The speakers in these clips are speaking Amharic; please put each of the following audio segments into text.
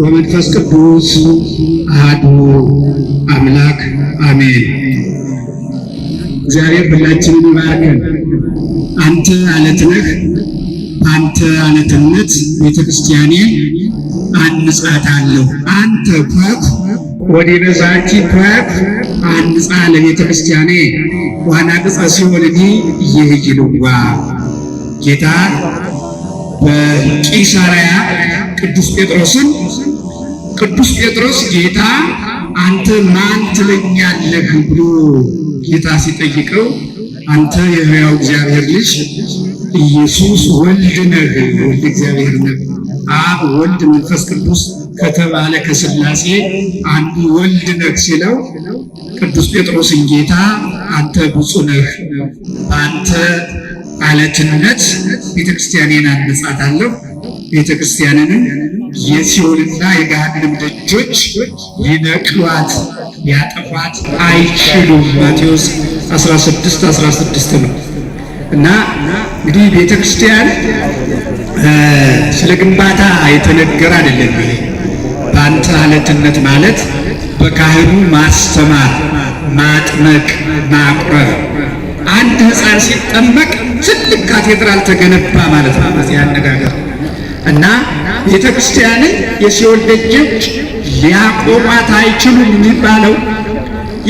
ወመንፈስ ቅዱስ አሐዱ አምላክ አሜን። እግዚአብሔር ሁላችንን ይባርከን። አንተ አለት ነህ፣ አንተ አለትነት ቤተ ክርስቲያኔ አንጻታለሁ። አንተ ኳት ወዲበዛቲ ኳት አንጻ ለቤተ ክርስቲያኔ ዋና ቅጻ ሲሆን እኔ ይህ ይልዋ ጌታ በቂሳሪያ ቅዱስ ጴጥሮስን ቅዱስ ጴጥሮስ ጌታ አንተ ማን ትለኛለህ ብሎ ጌታ ሲጠይቀው አንተ የሕያው እግዚአብሔር ልጅ ኢየሱስ ወልድ ነህ፣ ወልድ እግዚአብሔር ነህ። አብ ወልድ መንፈስ ቅዱስ ከተባለ ከስላሴ አንዱ ወልድ ነህ ሲለው ቅዱስ ጴጥሮስን ጌታ አንተ ብፁ ነህ አንተ አለትነት ቤተክርስቲያንን አነጻታለሁ። ቤተክርስቲያንንም የሲኦልና የገሃነም ደጆች ሊነቅሏት ሊያጠፏት አይችሉም። ማቴዎስ 16 16 ነው። እና እንግዲህ ቤተክርስቲያን ስለ ግንባታ የተነገረ አይደለም። በአንተ አለትነት ማለት በካህኑ ማስተማር፣ ማጥመቅ፣ ማቁረብ አንድ ህፃን ሲጠመቅ ትልቅ ካቴድራል ተገነባ ማለት ነው በዚህ አነጋገር እና ቤተ ክርስቲያንን የሲኦል ደጆች ሊያቆሟት አይችሉም የሚባለው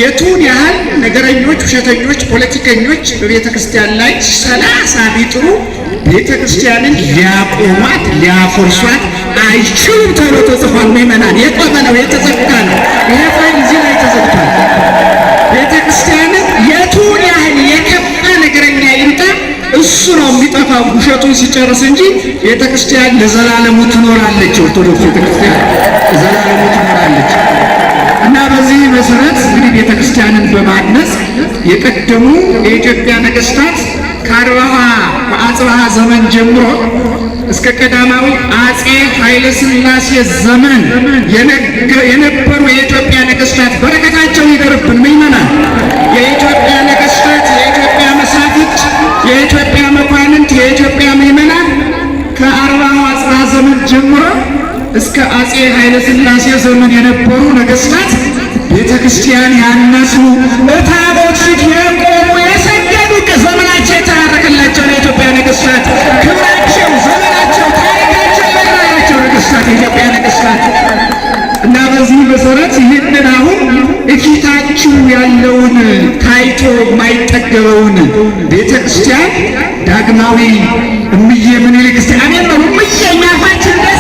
የቱን ያህል ነገረኞች፣ ውሸተኞች፣ ፖለቲከኞች በቤተ ክርስቲያን ላይ ሰላሳ ቢጥሩ ቤተ ክርስቲያንን ሊያቆሟት ሊያፈርሷት አይችሉም ተብሎ ተጽፏል። ምእመናን፣ የቆመ ነው የተዘጋ ነው። ይሄ ፋይል እዚህ ላይ ተዘግቷል። ቤተ ክርስቲያን ስርዓቱን ሲጨርስ እንጂ ቤተ ክርስቲያን ለዘላለሙ ትኖራለች። ኦርቶዶክስ ቤተ ክርስቲያን ለዘላለሙ ትኖራለች እና በዚህ መሰረት እንግዲህ ቤተ ክርስቲያንን የቀደሙ የኢትዮጵያ ነገስታት ከአርባሃ በአጽባሃ ዘመን ጀምሮ እስከ ቀዳማዊ አጼ ኃይለ ሥላሴ ዘመን የነበሩ የኢትዮጵያ ነገስታት በረከታቸው ይደርብን። ምእመናን የኢትዮጵያ ነገስታት የኢትዮጵያ መሳፍንት ጀምሮ እስከ አጼ ኃይለ ሥላሴ ዘመን የነበሩ ነገሥታት ቤተ ክርስቲያን ያነሱ በታቦት ፊት የቆሙ የሰገዱ ዘመናቸው የተባረከላቸው ለኢትዮጵያ ነገሥታት ክብራቸው፣ ዘመናቸው፣ ታሪካቸው የበራላቸው ነገሥታት የኢትዮጵያ ነገሥታት እና በዚህ መሰረት ከፊታችሁ ያለውን ታይቶ የማይጠገበውን ቤተ ክርስቲያን ዳግማዊ እምዬ ምኒልክ ስቲ አሜን ነው እምዬ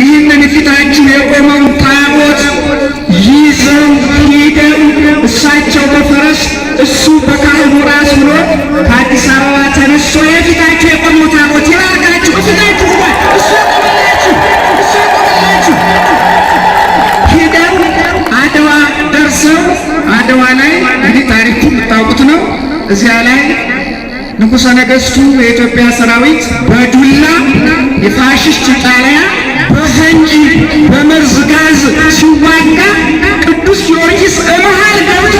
ይህንን ፊታችን የቆመውን ታቦት ይዘው ሄደው እሳቸው በፈረስ እሱ በካህኑ ራስ ብሎ ከአዲስ አበባ ተነሶ የፊታችሁ የቆመው ታቦት ይራቃችሁ፣ ፊታችሁ እሱ ቆመላችሁ፣ እሱ ቆመላችሁ። ሄደው አድዋ ደርሰው አድዋ ላይ እንግዲህ ታሪኩ የምታውቁት ነው። እዚያ ላይ ንጉሠ ነገሥቱ የኢትዮጵያ ሰራዊት በዱላ የፋሽስት ጣሊያ በፈንጂ በመርዝ ጋዝ ሲዋጋ ቅዱስ ጊዮርጊስ እመሃል ገብቶ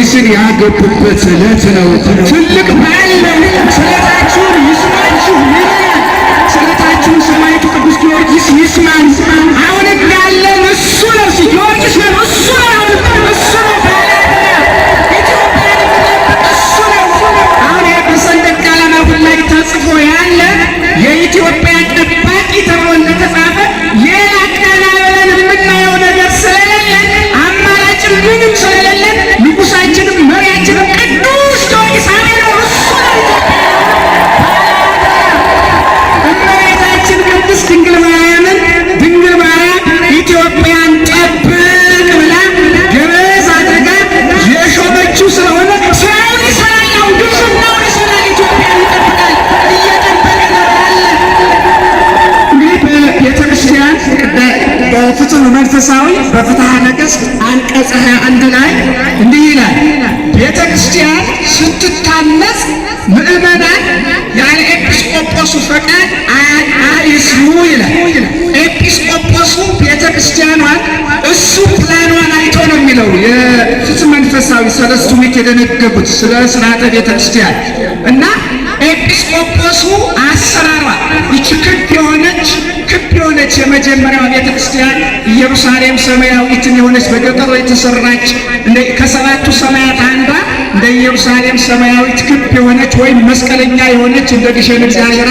ጊዮርጊስን ያገቡበት ዕለት ነው። ትልቅ በዓል ስለታችሁን ይስማችሁ። ስለታችሁን ሰማዕቱ ቅዱስ ጊዮርጊስ ይስማን። መንፈሳዊ በፍትሐ ነገሥት አንቀጽ ሃያ አንድ ላይ እንዲህ ይላል፣ ቤተ ክርስቲያን ስትታነጽ ምዕመናን ያለ ኤጲስቆጶሱ ፈቃድ አይስሩ ይላል። ኤጲስቆጶሱ ቤተ ክርስቲያኗን እሱ ፕላኗን አይቶ ነው የሚለው የፍትሕ መንፈሳዊ ሰለስቱ ምዕት የደነገጉት ስለ ስርዓተ ቤተ ክርስቲያን እና ኤጲስቆጶሱ የመጀመሪያዋ ቤተ ክርስቲያን ኢየሩሳሌም ሰማያዊትን የሆነች በገጠሮ የተሰራች ከሰባቱ ሰማያት አንዷ እንደ ኢየሩሳሌም ሰማያዊት ክብ የሆነች ወይም መስቀለኛ የሆነች እንደ ግሸን እግዚአብሔር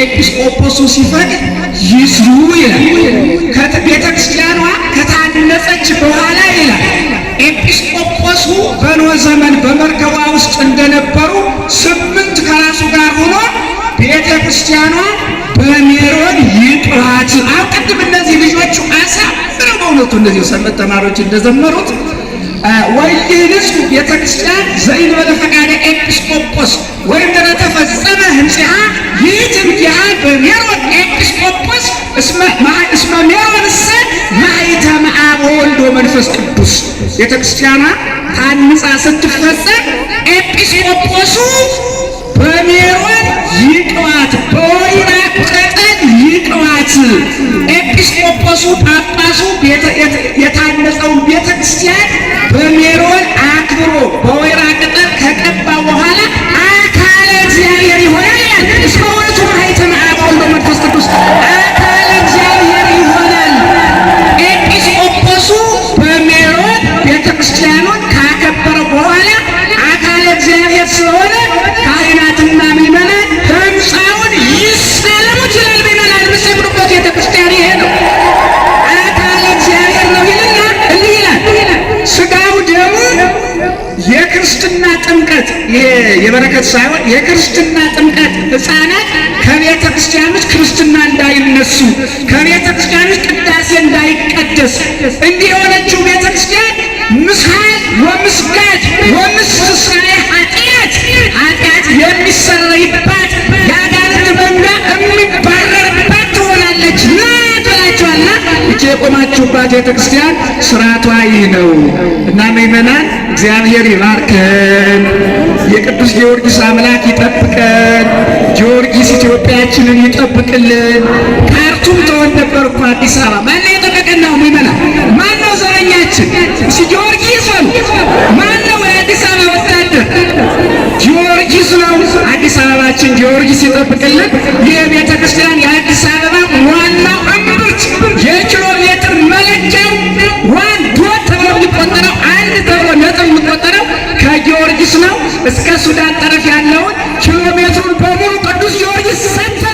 ኤጲስቆጶሱ ሲፈቅድ ይስሩ ይላል። ቤተ ክርስቲያኗ ከታነጸች በኋላ ይላል ኤጲስቆጶሱ በኖ ዘመን በመርከቧ ውስጥ እንደነበሩ ስምንት ከራሱ ጋር ሆኖ ቤተ ክርስቲያኗ በሜሮ ፍርሃት አሁን ቅድም እነዚህ ልጆቹ አሳምረው በእውነቱ እነዚህ ሰንበት ተማሪዎች እንደዘመሩት ወይንሱ ቤተክርስቲያን ዘእንበለ ፈቃደ ኤጲስቆጶስ ወይምደለ ተፈጸመ ህንጽሃ ይእትምኪሃ በሜሮን ኤጲስቆጶስ እስመ ሜሮንሰ ማኅተመ አብ ወወልድ ወመንፈስ ቅዱስ ቤተክርስቲያኗ ታንጻ ስትፈጸም ኤጲስቆጶሱ በሜሮን ይቅባት በወይና ኤጲስቆጶሱ ጳጳሱ የታነጸውን ቤተ ክርስቲያን በሜሮን አክብሮ በወይራ ጥምቀት ሳይሆን የክርስትና ጥምቀት ህፃናት ከቤተ ክርስቲያኖች ክርስትና እንዳይነሱ፣ ከቤተ ክርስቲያኖች ቅዳሴ እንዳይቀደስ እንዲህ የሆነችው ቤተ ክርስቲያን ምስሐል ወምስጋድ ወምስሳይ ኃጢአት ኃጢአት የሚሰረይባት የአጋንንት መንጋ የሚባረርባት ትሆናለች። ናቶላቸዋና እጅ የቆማችሁባት ቤተ ክርስቲያን ስርዓቷ ይህ ነው እና ምእመናን እግዚአብሔር ይባርከን። የቅዱስ ጊዮርጊስ አምላክ ይጠብቀን። ጊዮርጊስ ኢትዮጵያችንን ይጠብቅልን። ካርቱም ተወን ነበር እኮ አዲስ አበባ ማን የጠበቀን ነው? ምመና ማን ነው ዘረኛችን? እሺ ጊዮርጊስ ማን ነው? የአዲስ አበባ ወታደር ጊዮርጊስ ነው። አዲስ አበባችን ጊዮርጊስ ይጠብቅልን። ይህ ቤተክርስቲያን የአዲስ አበባ ቅዱስ ነው። እስከ ሱዳን ጠረፍ ያለውን ኪሎሜትሩን በሙሉ ቅዱስ ጊዮርጊስ ሰንተ